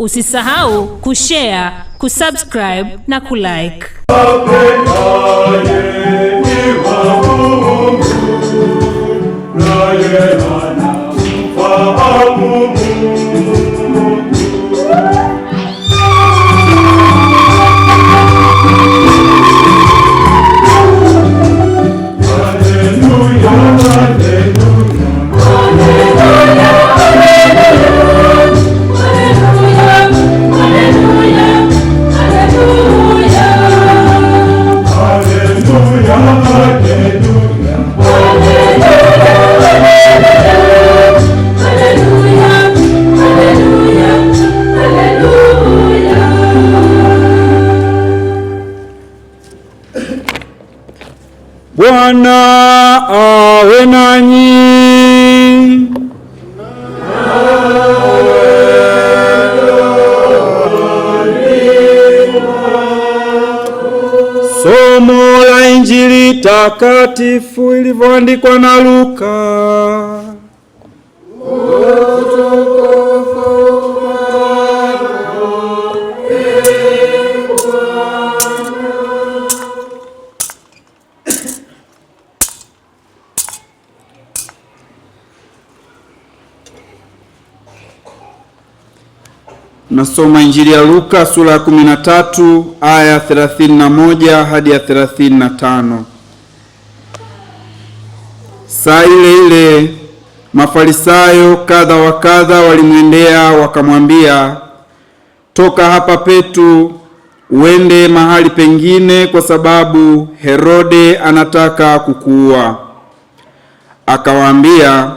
Usisahau kushare, kusubscribe na kulike. Bwana awe nanyi. Somo la Injili takatifu ilivyoandikwa na Luka. Tunasoma Injili ya Luka sura ya 13 aya ya 31 hadi ya 35. Saa ile ile Mafarisayo kadha wa kadha walimwendea wakamwambia, toka hapa petu uende mahali pengine, kwa sababu Herode anataka kukuua. Akawaambia,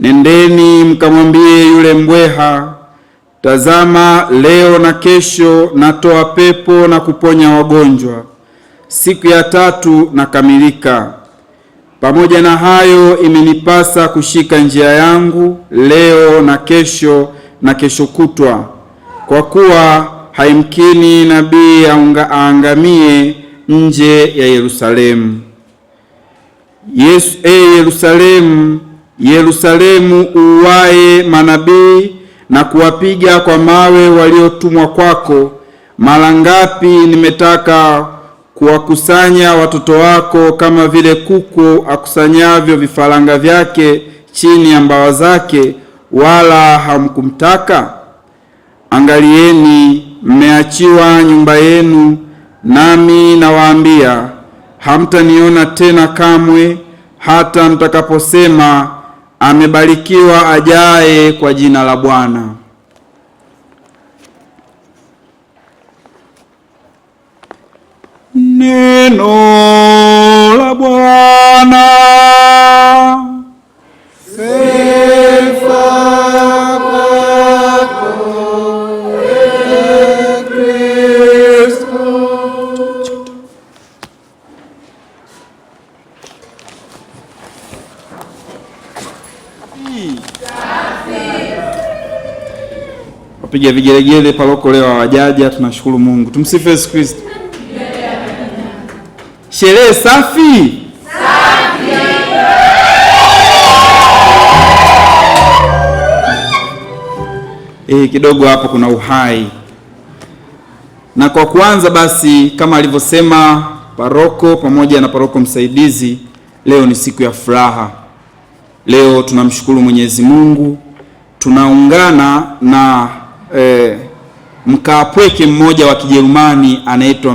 nendeni mkamwambie yule mbweha Tazama leo na kesho natoa pepo na kuponya wagonjwa, siku ya tatu nakamilika. Pamoja na hayo, imenipasa kushika njia yangu leo na kesho na kesho kutwa, kwa kuwa haimkini nabii aangamie nje ya Yerusalemu. Yesu, e Yerusalemu, Yerusalemu, uuaye manabii na kuwapiga kwa mawe waliotumwa kwako. Mara ngapi nimetaka kuwakusanya watoto wako kama vile kuku akusanyavyo vifaranga vyake chini ya mbawa zake, wala hamkumtaka. Angalieni, mmeachiwa nyumba yenu, nami nawaambia hamtaniona tena kamwe, hata mtakaposema amebarikiwa ajaye kwa jina la Bwana. Neno la Bwana. Sifa Safi. Wapiga vigelegele paroko leo hawajaja, tunashukuru Mungu. Tumsifu Yesu Kristo. Sherehe safi. Eh, kidogo hapo kuna uhai. Na kwa kuanza basi, kama alivyosema paroko pamoja na paroko msaidizi, leo ni siku ya furaha. Leo tunamshukuru Mwenyezi Mungu, tunaungana na eh, mkaapweke mmoja wa Kijerumani anaitwa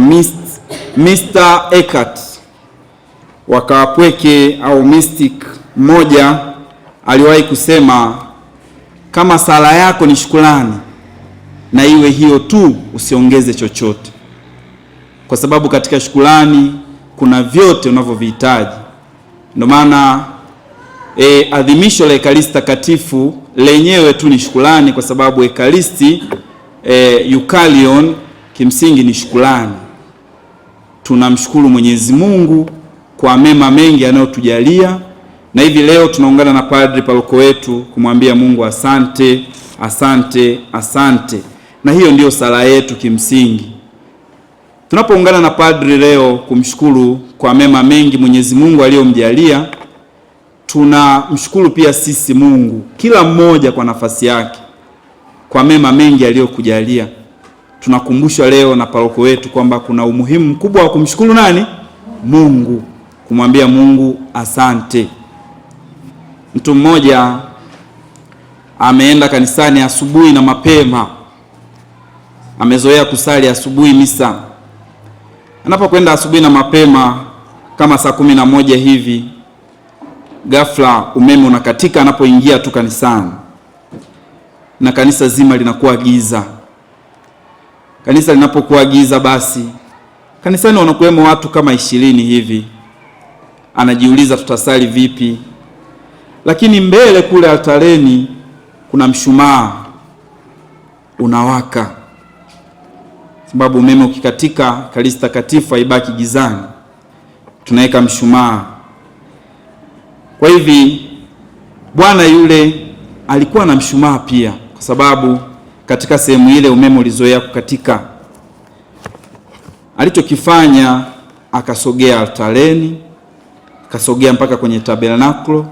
Mr. Eckhart. Wakaapweke au mystic mmoja aliwahi kusema, kama sala yako ni shukrani na iwe hiyo tu, usiongeze chochote, kwa sababu katika shukrani kuna vyote unavyovihitaji. Ndio maana e, adhimisho la Ekaristi takatifu lenyewe tu ni shukrani, kwa sababu Ekaristi e, Eukaryon kimsingi ni shukrani. Tunamshukuru Mwenyezi Mungu kwa mema mengi anayotujalia, na hivi leo tunaungana na padri paroko wetu kumwambia Mungu asante, asante, asante. Na hiyo ndiyo sala yetu kimsingi tunapoungana na padri leo kumshukuru kwa mema mengi Mwenyezi Mungu aliyomjalia tunamshukuru pia sisi Mungu, kila mmoja kwa nafasi yake, kwa mema mengi aliyokujalia. Tunakumbushwa leo na paroko wetu kwamba kuna umuhimu mkubwa wa kumshukuru nani? Mungu, kumwambia Mungu asante. Mtu mmoja ameenda kanisani asubuhi na mapema, amezoea kusali asubuhi misa. Anapokwenda asubuhi na mapema kama saa kumi na moja hivi ghafla umeme unakatika anapoingia tu kanisani, na kanisa zima linakuwa giza. Kanisa linapokuwa giza, basi kanisani wanakuwemo watu kama ishirini hivi. Anajiuliza tutasali vipi? Lakini mbele kule altareni kuna mshumaa unawaka, sababu umeme ukikatika, Ekaristi Takatifu haibaki gizani, tunaweka mshumaa kwa hivi bwana yule alikuwa na mshumaa pia, kwa sababu katika sehemu ile umeme ulizoea kukatika. Alichokifanya, akasogea altareni, akasogea mpaka kwenye tabernaklo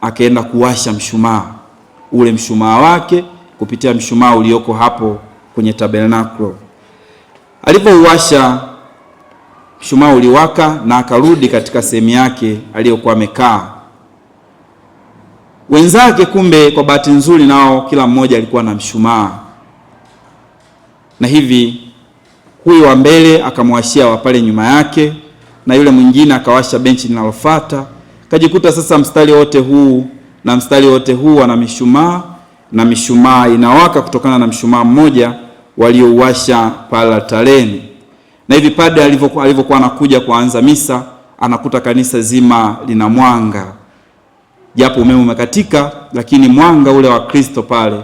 akaenda kuwasha mshumaa ule, mshumaa wake kupitia mshumaa ulioko hapo kwenye tabernaklo Alipouwasha mshumaa uliwaka, na akarudi katika sehemu yake aliyokuwa amekaa. Wenzake kumbe, kwa bahati nzuri, nao kila mmoja alikuwa na mshumaa, na hivi huyu wa mbele akamwashia wa pale nyuma yake, na yule mwingine akawasha benchi linalofuata. Kajikuta sasa mstari wote huu na mstari wote huu ana mishumaa na mishumaa inawaka kutokana na mshumaa mmoja waliouwasha pale altareni. Na hivi padre alivyokuwa anakuja kuanza misa, anakuta kanisa zima lina mwanga japo umeme umekatika, lakini mwanga ule wa Kristo pale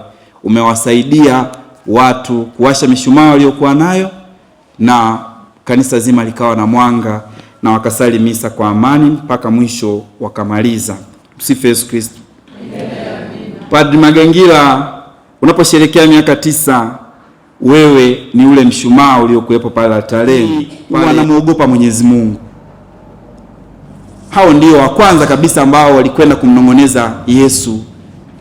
umewasaidia watu kuwasha mishumaa waliokuwa nayo, na kanisa zima likawa na mwanga na wakasali misa kwa amani mpaka mwisho wakamaliza. Msifu Yesu Kristo. Padri Magengila, unaposherekea miaka tisa, wewe ni ule mshumaa uliokuwepo pale altareni. Wanamwogopa Mwenyezi Mungu hao ndio wa kwanza kabisa ambao walikwenda kumnong'oneza Yesu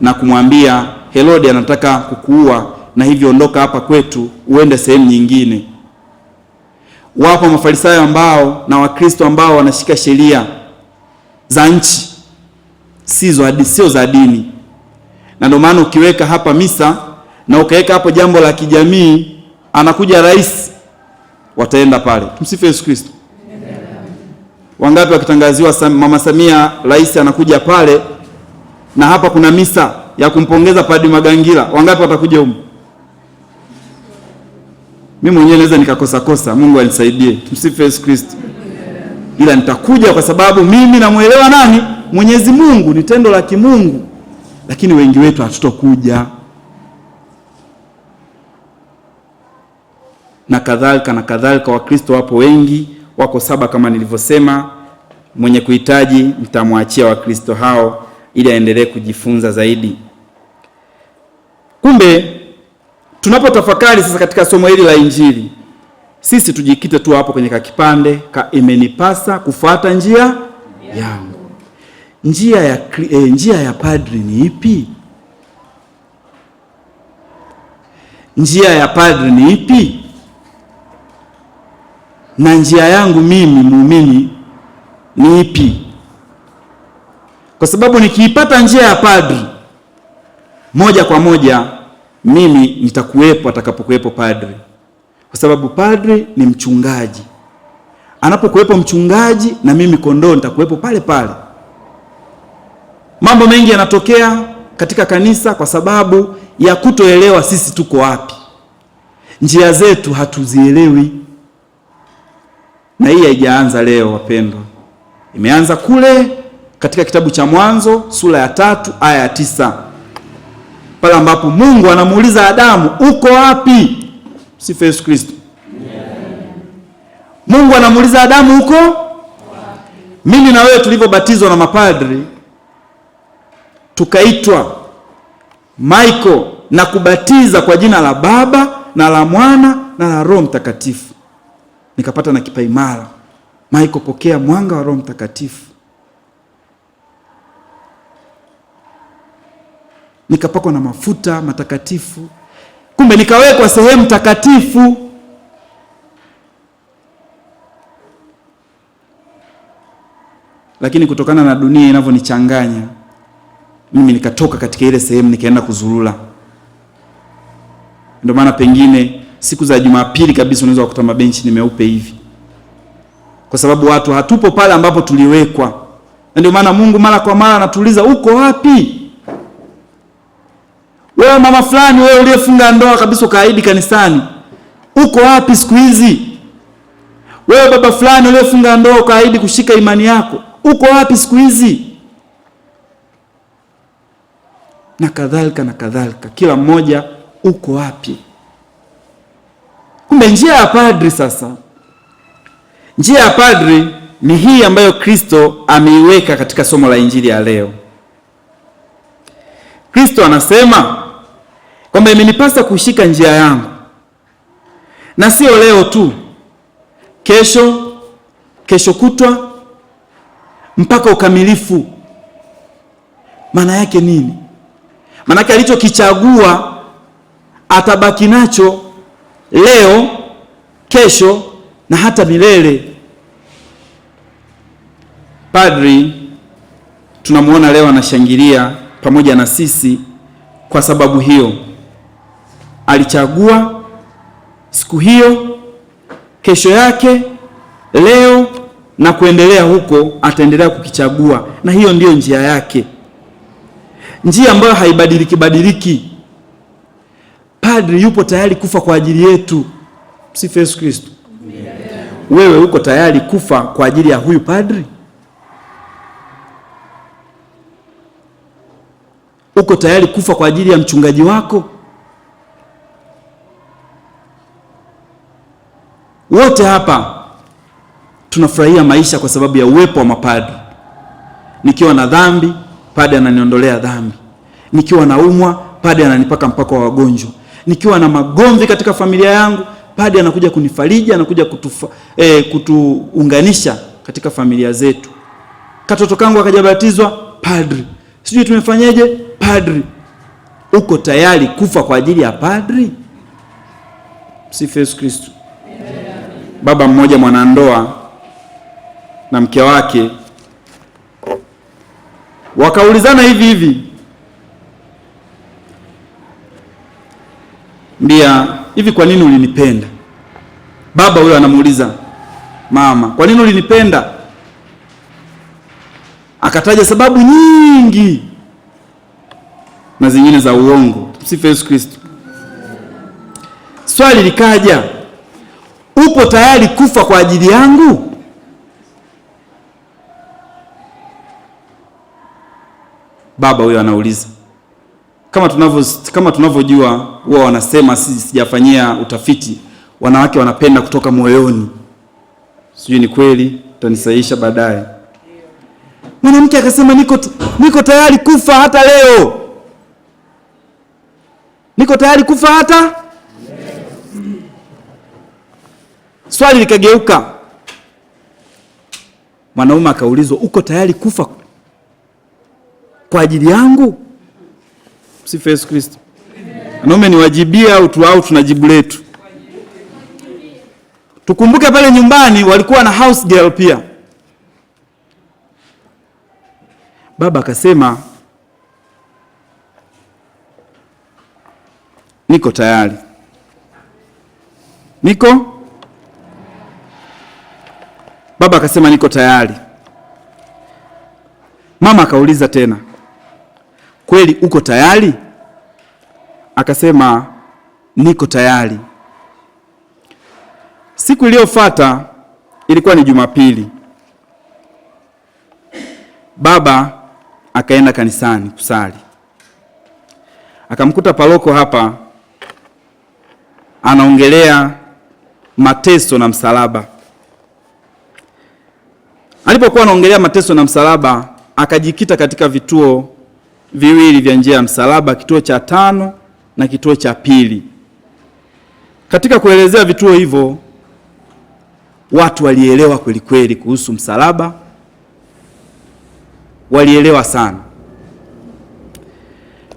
na kumwambia Herode anataka kukuua, na hivyo ondoka hapa kwetu uende sehemu nyingine. Wapo mafarisayo ambao na Wakristo ambao wanashika sheria za nchi, sio za dini, na ndio maana ukiweka hapa misa na ukaweka hapo jambo la kijamii, anakuja rais, wataenda pale. Tumsifu Yesu Kristo. Wangapi wakitangaziwa Mama Samia rais anakuja pale, na hapa kuna misa ya kumpongeza Padri Magangila, wangapi watakuja huko? Mimi mwenyewe naweza nikakosa kosa, Mungu anisaidie. msifu Yesu Kristo. Ila nitakuja kwa sababu mimi namwelewa nani? Mwenyezi Mungu, ni tendo la kimungu, lakini wengi wetu hatutokuja na kadhalika na kadhalika. Wakristo wapo wengi wako saba kama nilivyosema. Mwenye kuhitaji mtamwachia Wakristo hao ili aendelee kujifunza zaidi. Kumbe tunapotafakari sasa katika somo hili la Injili, sisi tujikite tu hapo kwenye kakipande ka imenipasa kufuata njia yangu. Njia ya, eh, njia ya padri ni ipi? Njia ya padri ni ipi? na njia yangu mimi muumini ni ipi? Kwa sababu nikiipata njia ya padri moja kwa moja mimi nitakuwepo atakapokuwepo padri, kwa sababu padri ni mchungaji. Anapokuwepo mchungaji, na mimi kondoo nitakuwepo pale pale. Mambo mengi yanatokea katika kanisa kwa sababu ya kutoelewa sisi tuko wapi, njia zetu hatuzielewi na hii haijaanza leo wapendwa, imeanza kule katika kitabu cha Mwanzo sura ya tatu aya ya tisa pale ambapo Mungu anamuuliza Adamu, uko wapi? Sifa Yesu Kristo. Mungu anamuuliza Adamu, uko mimi na wewe tulivyobatizwa na mapadri tukaitwa Michael na kubatiza kwa jina la Baba na la Mwana na la Roho Mtakatifu nikapata na kipaimara Michael, pokea mwanga wa Roho Mtakatifu. Nikapakwa na mafuta matakatifu, kumbe nikawekwa sehemu takatifu. Lakini kutokana na dunia inavyonichanganya mimi, nikatoka katika ile sehemu nikaenda kuzurula. Ndio maana pengine siku za Jumapili kabisa unaweza kukuta mabenchi ni meupe hivi, kwa sababu watu hatupo pale ambapo tuliwekwa. Na ndio maana Mungu mara kwa mara anatuuliza uko wapi? Wewe mama fulani, wewe uliyefunga ndoa kabisa ukaahidi kanisani, uko wapi siku hizi? Wewe baba fulani, uliyefunga ndoa ukaahidi kushika imani yako, uko wapi siku hizi? Na kadhalika na kadhalika, kila mmoja uko wapi? Kumbe njia ya padri sasa, njia ya padri ni hii ambayo Kristo ameiweka katika somo la injili ya leo. Kristo anasema kwamba imenipasa kushika njia yangu, na sio leo tu, kesho, kesho kutwa, mpaka ukamilifu. Maana yake nini? yake alichokichagua atabaki nacho leo, kesho na hata milele. Padri tunamwona leo anashangilia pamoja na sisi, kwa sababu hiyo alichagua siku hiyo, kesho yake, leo na kuendelea huko, ataendelea kukichagua, na hiyo ndiyo njia yake, njia ambayo haibadiliki badiliki. Padri yupo tayari kufa kwa ajili yetu. si Yesu Kristo. Wewe uko tayari kufa kwa ajili ya huyu padri? Uko tayari kufa kwa ajili ya mchungaji wako? Wote hapa tunafurahia maisha kwa sababu ya uwepo wa mapadri. Nikiwa na dhambi, padri ananiondolea dhambi. Nikiwa naumwa, padri ananipaka mpako wa wagonjwa nikiwa na magomvi katika familia yangu, padi anakuja kunifariji, anakuja kutufa, eh, kutuunganisha katika familia zetu. Katoto kangu akajabatizwa, padri, sijui tumefanyeje, padri. Uko tayari kufa kwa ajili ya padri? Sifu Yesu Kristo. Baba mmoja mwanandoa na mke wake wakaulizana hivi hivi mbia hivi, kwa nini ulinipenda? Baba huyo anamuuliza mama, kwa nini ulinipenda? Akataja sababu nyingi na zingine za uongo. Tumsifu Yesu Kristo. Swali likaja, upo tayari kufa kwa ajili yangu? Baba huyo anauliza kama tunavyo kama tunavyojua huwa wanasema, sijafanyia utafiti, wanawake wanapenda kutoka moyoni. Sijui ni kweli, utanisahihisha baadaye. Mwanamke akasema niko, niko tayari kufa hata leo, niko tayari kufa hata. Swali likageuka, mwanaume akaulizwa, uko tayari kufa kwa ajili yangu? Msifu Yesu Kristo. Naomba niwajibie au tu au tunajibu letu. Tukumbuke pale nyumbani walikuwa na house girl pia. Baba akasema niko tayari, niko baba akasema niko tayari. Mama akauliza tena kweli uko tayari? Akasema niko tayari. Siku iliyofuata ilikuwa ni Jumapili. Baba akaenda kanisani kusali, akamkuta paroko hapa anaongelea mateso na msalaba. Alipokuwa anaongelea mateso na msalaba, akajikita katika vituo viwili vya njia ya msalaba, kituo cha tano na kituo cha pili. Katika kuelezea vituo hivyo, watu walielewa kweli kweli kuhusu msalaba, walielewa sana.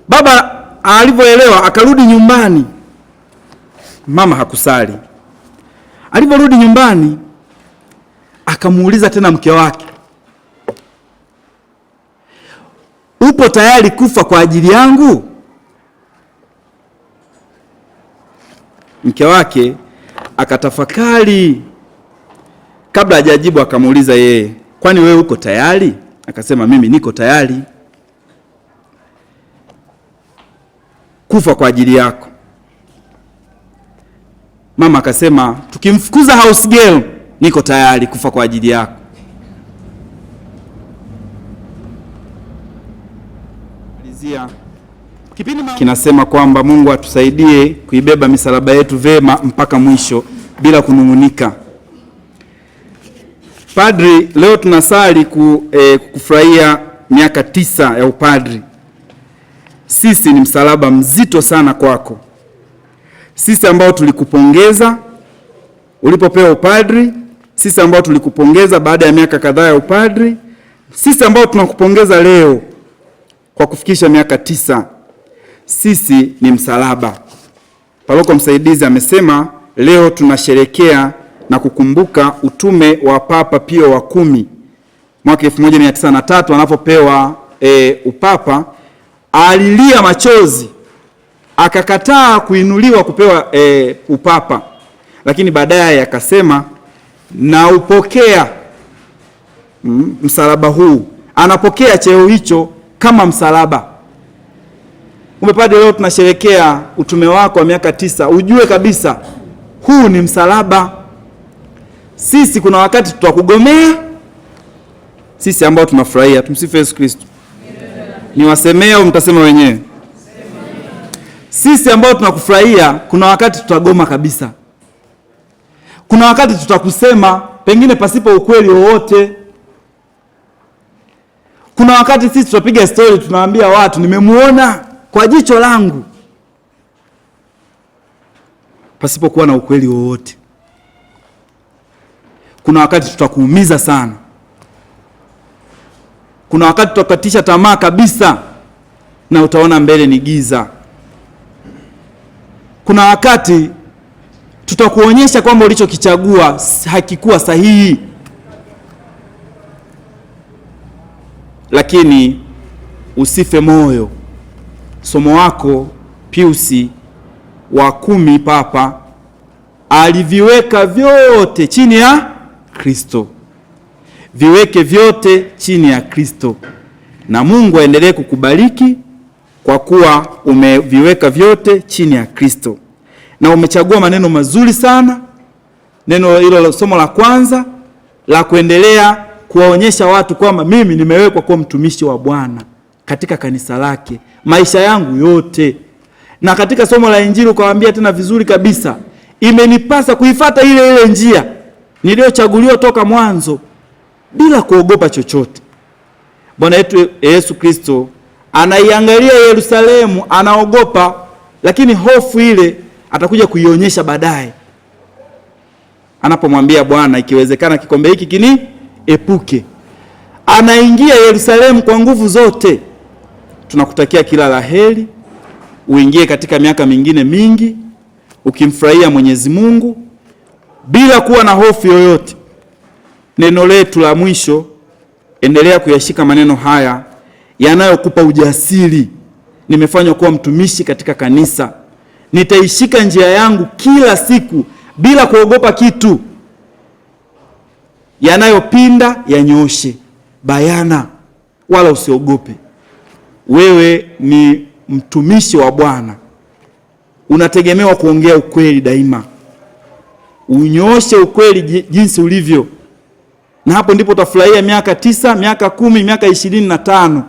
Baba alivyoelewa akarudi nyumbani, mama hakusali. Alivyorudi nyumbani, akamuuliza tena mke wake upo tayari kufa kwa ajili yangu? Mke wake akatafakari kabla hajajibu, akamuuliza yeye, kwani wewe uko tayari? Akasema, mimi niko tayari kufa kwa ajili yako. Mama akasema, tukimfukuza house girl, niko tayari kufa kwa ajili yako. kinasema kwamba Mungu atusaidie kuibeba misalaba yetu vema mpaka mwisho bila kunung'unika. Padri, leo tunasali ku, e, kufurahia miaka tisa ya upadri. Sisi ni msalaba mzito sana kwako, sisi ambao tulikupongeza ulipopewa upadri, sisi ambao tulikupongeza baada ya miaka kadhaa ya upadri, sisi ambao tunakupongeza leo kwa kufikisha miaka tisa. Sisi ni msalaba. Paroko msaidizi amesema leo tunasherekea na kukumbuka utume wa Papa Pio wa kumi mwaka 1903 anapopewa e, upapa alilia machozi akakataa kuinuliwa kupewa e, upapa, lakini baadaye akasema naupokea mm, msalaba huu, anapokea cheo hicho kama msalaba. Umepada leo tunasherekea utume wako wa miaka tisa, ujue kabisa huu ni msalaba. Sisi kuna wakati tutakugomea sisi ambao tunafurahia. Tumsifu Yesu Kristo. Niwasemee au mtasema wenyewe? Sisi ambao tunakufurahia, kuna wakati tutagoma kabisa, kuna wakati tutakusema pengine pasipo ukweli wowote kuna wakati sisi tutapiga stori, tunaambia watu nimemuona kwa jicho langu, pasipokuwa na ukweli wowote. Kuna wakati tutakuumiza sana, kuna wakati tutakatisha tamaa kabisa, na utaona mbele ni giza. Kuna wakati tutakuonyesha kwamba ulichokichagua hakikuwa sahihi. lakini usife moyo. Somo wako Piusi wa kumi Papa aliviweka vyote chini ya Kristo. Viweke vyote chini ya Kristo, na Mungu aendelee kukubariki kwa kuwa umeviweka vyote chini ya Kristo na umechagua maneno mazuri sana. Neno hilo somo la kwanza la kuendelea kuwaonyesha watu kwamba mimi nimewekwa kuwa mtumishi wa Bwana katika kanisa lake maisha yangu yote. Na katika somo la Injili ukawaambia tena vizuri kabisa, imenipasa kuifata ile ile njia niliyochaguliwa toka mwanzo bila kuogopa chochote. Bwana wetu Yesu Kristo anaiangalia Yerusalemu, anaogopa, lakini hofu ile atakuja kuionyesha baadaye anapomwambia Bwana, ikiwezekana kikombe hiki kini epuke. Anaingia Yerusalemu kwa nguvu zote. Tunakutakia kila la heri, uingie katika miaka mingine mingi ukimfurahia Mwenyezi Mungu bila kuwa na hofu yoyote. Neno letu la mwisho, endelea kuyashika maneno haya yanayokupa ujasiri. Nimefanywa kuwa mtumishi katika kanisa, nitaishika njia yangu kila siku bila kuogopa kitu yanayopinda yanyooshe bayana, wala usiogope. Wewe ni mtumishi wa Bwana, unategemewa kuongea ukweli daima. Unyooshe ukweli jinsi ulivyo, na hapo ndipo utafurahia miaka tisa, miaka kumi, miaka ishirini na tano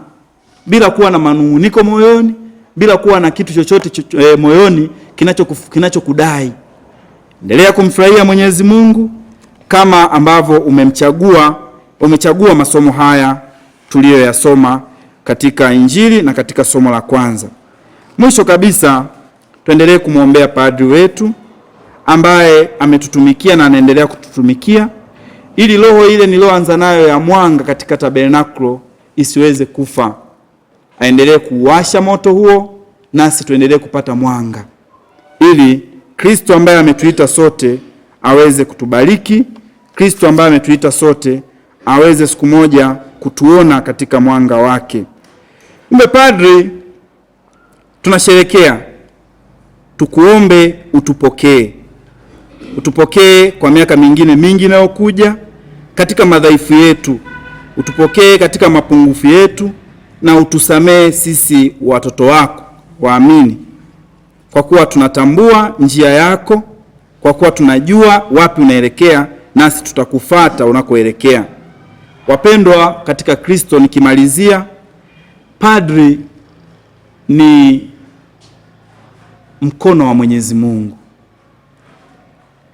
bila kuwa na manung'uniko moyoni, bila kuwa na kitu chochote chocho, e, eh, moyoni kinachokudai kinacho. Endelea kumfurahia Mwenyezi Mungu kama ambavyo umemchagua umechagua masomo haya tuliyoyasoma katika Injili na katika somo la kwanza. Mwisho kabisa, tuendelee kumwombea padri wetu ambaye ametutumikia na anaendelea kututumikia ili roho ile niliyoanza nayo ya mwanga katika tabernakulo isiweze kufa, aendelee kuwasha moto huo, nasi tuendelee kupata mwanga, ili Kristo ambaye ametuita sote aweze kutubariki Kristo ambaye ametuita sote aweze siku moja kutuona katika mwanga wake. Kumbe padri, tunasherekea, tukuombe utupokee, utupokee kwa miaka mingine mingi inayokuja, katika madhaifu yetu, utupokee katika mapungufu yetu, na utusamee sisi watoto wako waamini, kwa kuwa tunatambua njia yako, kwa kuwa tunajua wapi unaelekea nasi tutakufata unakoelekea. Wapendwa katika Kristo, nikimalizia, padri ni mkono wa Mwenyezi Mungu.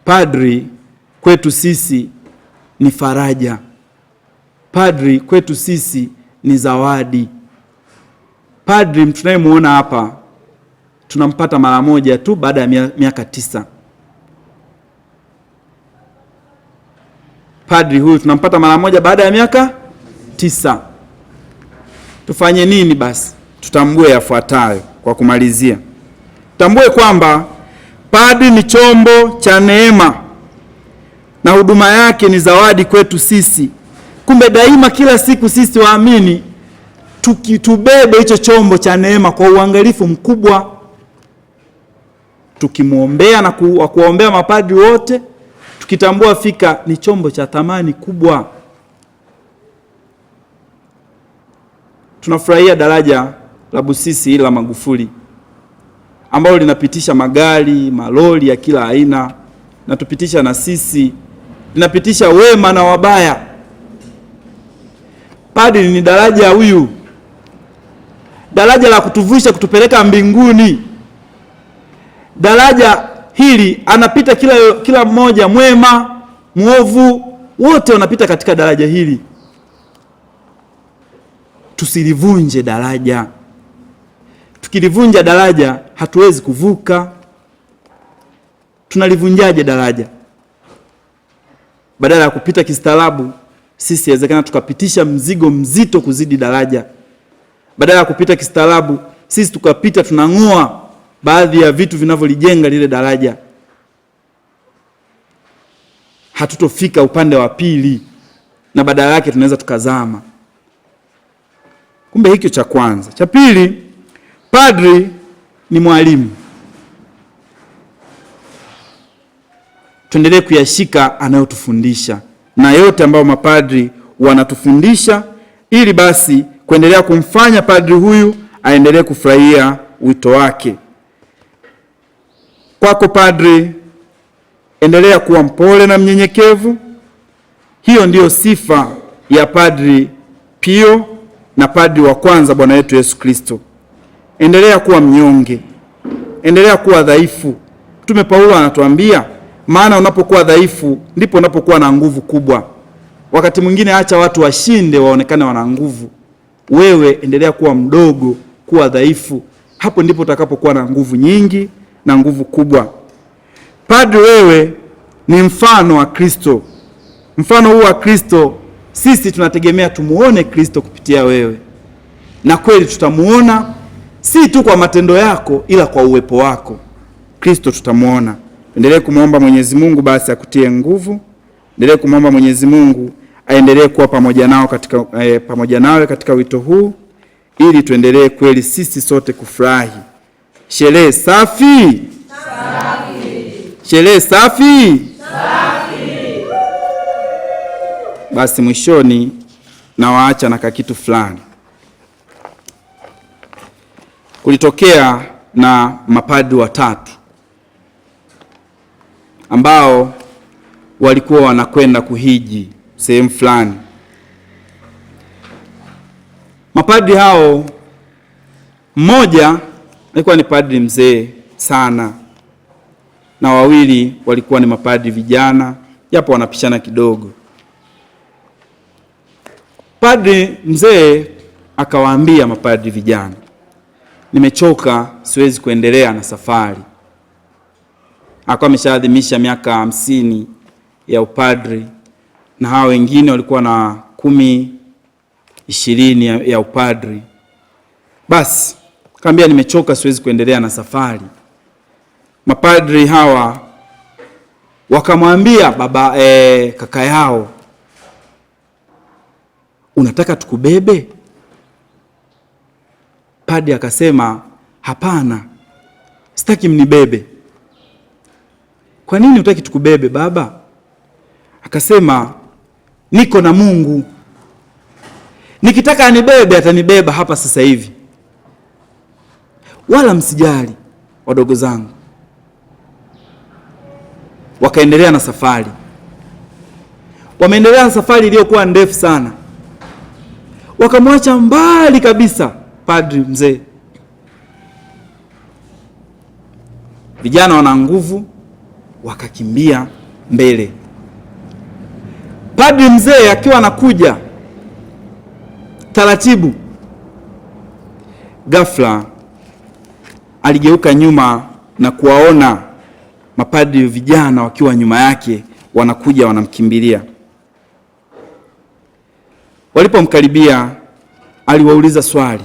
Padri kwetu sisi ni faraja. Padri kwetu sisi ni zawadi. Padri tunayemwona hapa tunampata mara moja tu baada ya miaka tisa. Padri huyu tunampata mara moja baada ya miaka tisa. Tufanye nini basi? Tutambue yafuatayo kwa kumalizia. Tambue kwamba padri ni chombo cha neema na huduma yake ni zawadi kwetu sisi. Kumbe daima, kila siku sisi waamini tukitubebe hicho chombo cha neema kwa uangalifu mkubwa, tukimwombea na kuwaombea mapadri wote tukitambua fika ni chombo cha thamani kubwa. Tunafurahia daraja la Busisi la Magufuli ambalo linapitisha magari, malori ya kila aina, natupitisha na sisi, linapitisha wema na wabaya. Padri, ni daraja huyu, daraja la kutuvusha kutupeleka mbinguni, daraja hili anapita kila, kila mmoja mwema mwovu, wote wanapita katika daraja hili. Tusilivunje daraja. Tukilivunja daraja hatuwezi kuvuka. Tunalivunjaje daraja? Badala ya kupita kistaarabu, sisi inawezekana tukapitisha mzigo mzito kuzidi daraja. Badala ya kupita kistaarabu, sisi tukapita tunang'oa baadhi ya vitu vinavyolijenga lile daraja, hatutofika upande wa pili na badala yake tunaweza tukazama. Kumbe hicho cha kwanza. Cha pili, padri ni mwalimu. Tuendelee kuyashika anayotufundisha na yote ambayo mapadri wanatufundisha, ili basi kuendelea kumfanya padri huyu aendelee kufurahia wito wake. Kwako padri, endelea kuwa mpole na mnyenyekevu. Hiyo ndiyo sifa ya Padri Pio na padri wa kwanza Bwana wetu Yesu Kristo. Endelea kuwa mnyonge, endelea kuwa dhaifu. Mtume Paulo anatuambia, maana unapokuwa dhaifu ndipo unapokuwa na nguvu kubwa. Wakati mwingine acha watu washinde, waonekane wana nguvu. Wewe endelea kuwa mdogo, kuwa dhaifu. Hapo ndipo utakapokuwa na nguvu nyingi na nguvu kubwa. Padri, wewe ni mfano wa Kristo. Mfano huu wa Kristo sisi tunategemea tumuone Kristo kupitia wewe, na kweli tutamuona, si tu kwa matendo yako, ila kwa uwepo wako. Kristo tutamuona. Endelee kumwomba Mwenyezi Mungu basi akutie nguvu. Endelee kumwomba Mwenyezi Mungu aendelee kuwa pamoja nao katika, eh, pamoja nawe katika wito huu ili tuendelee kweli sisi sote kufurahi Sherehe safi, sherehe safi. Basi mwishoni nawaacha na kakitu fulani. Kulitokea na mapadri watatu ambao walikuwa wanakwenda kuhiji sehemu fulani. Mapadri hao mmoja alikuwa ni padri mzee sana, na wawili walikuwa ni mapadri vijana, japo wanapishana kidogo. Padri mzee akawaambia mapadri vijana, nimechoka, siwezi kuendelea na safari. Akawa ameshaadhimisha miaka hamsini ya upadri na hawa wengine walikuwa na kumi ishirini ya upadri. Basi Kaambia nimechoka, siwezi kuendelea na safari. Mapadri hawa wakamwambia baba e, kaka yao, unataka tukubebe? Padri akasema hapana, sitaki mnibebe. Kwa nini hutaki tukubebe baba? Akasema niko na Mungu, nikitaka anibebe atanibeba hapa sasa hivi wala msijali wadogo zangu. Wakaendelea na safari, wameendelea na safari iliyokuwa ndefu sana, wakamwacha mbali kabisa padri mzee. Vijana wana nguvu wakakimbia mbele, padri mzee akiwa anakuja taratibu. Ghafla aligeuka nyuma na kuwaona mapadri vijana wakiwa nyuma yake wanakuja wanamkimbilia. Walipomkaribia aliwauliza swali,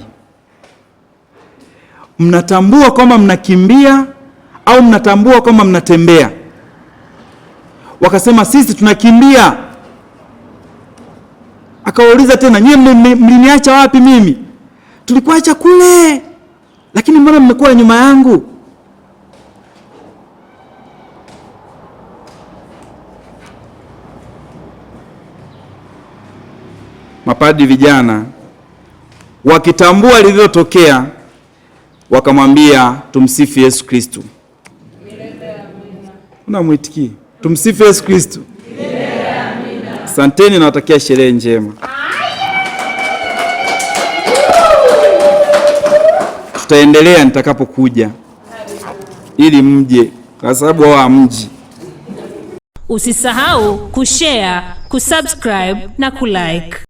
mnatambua kwamba mnakimbia au mnatambua kwamba mnatembea? Wakasema, sisi tunakimbia. Akawauliza tena, nyie mliniacha wapi? Mimi tulikuacha kule lakini mbona mmekuwa nyuma yangu? Mapadi vijana wakitambua lililotokea wakamwambia, tumsifu Yesu Kristo. Unamwitikia tumsifu Yesu Kristo? Asanteni, nawatakia sherehe njema. tutaendelea nitakapokuja ili mje, kwa sababu hao hamji. Usisahau kushare, kusubscribe na kulike.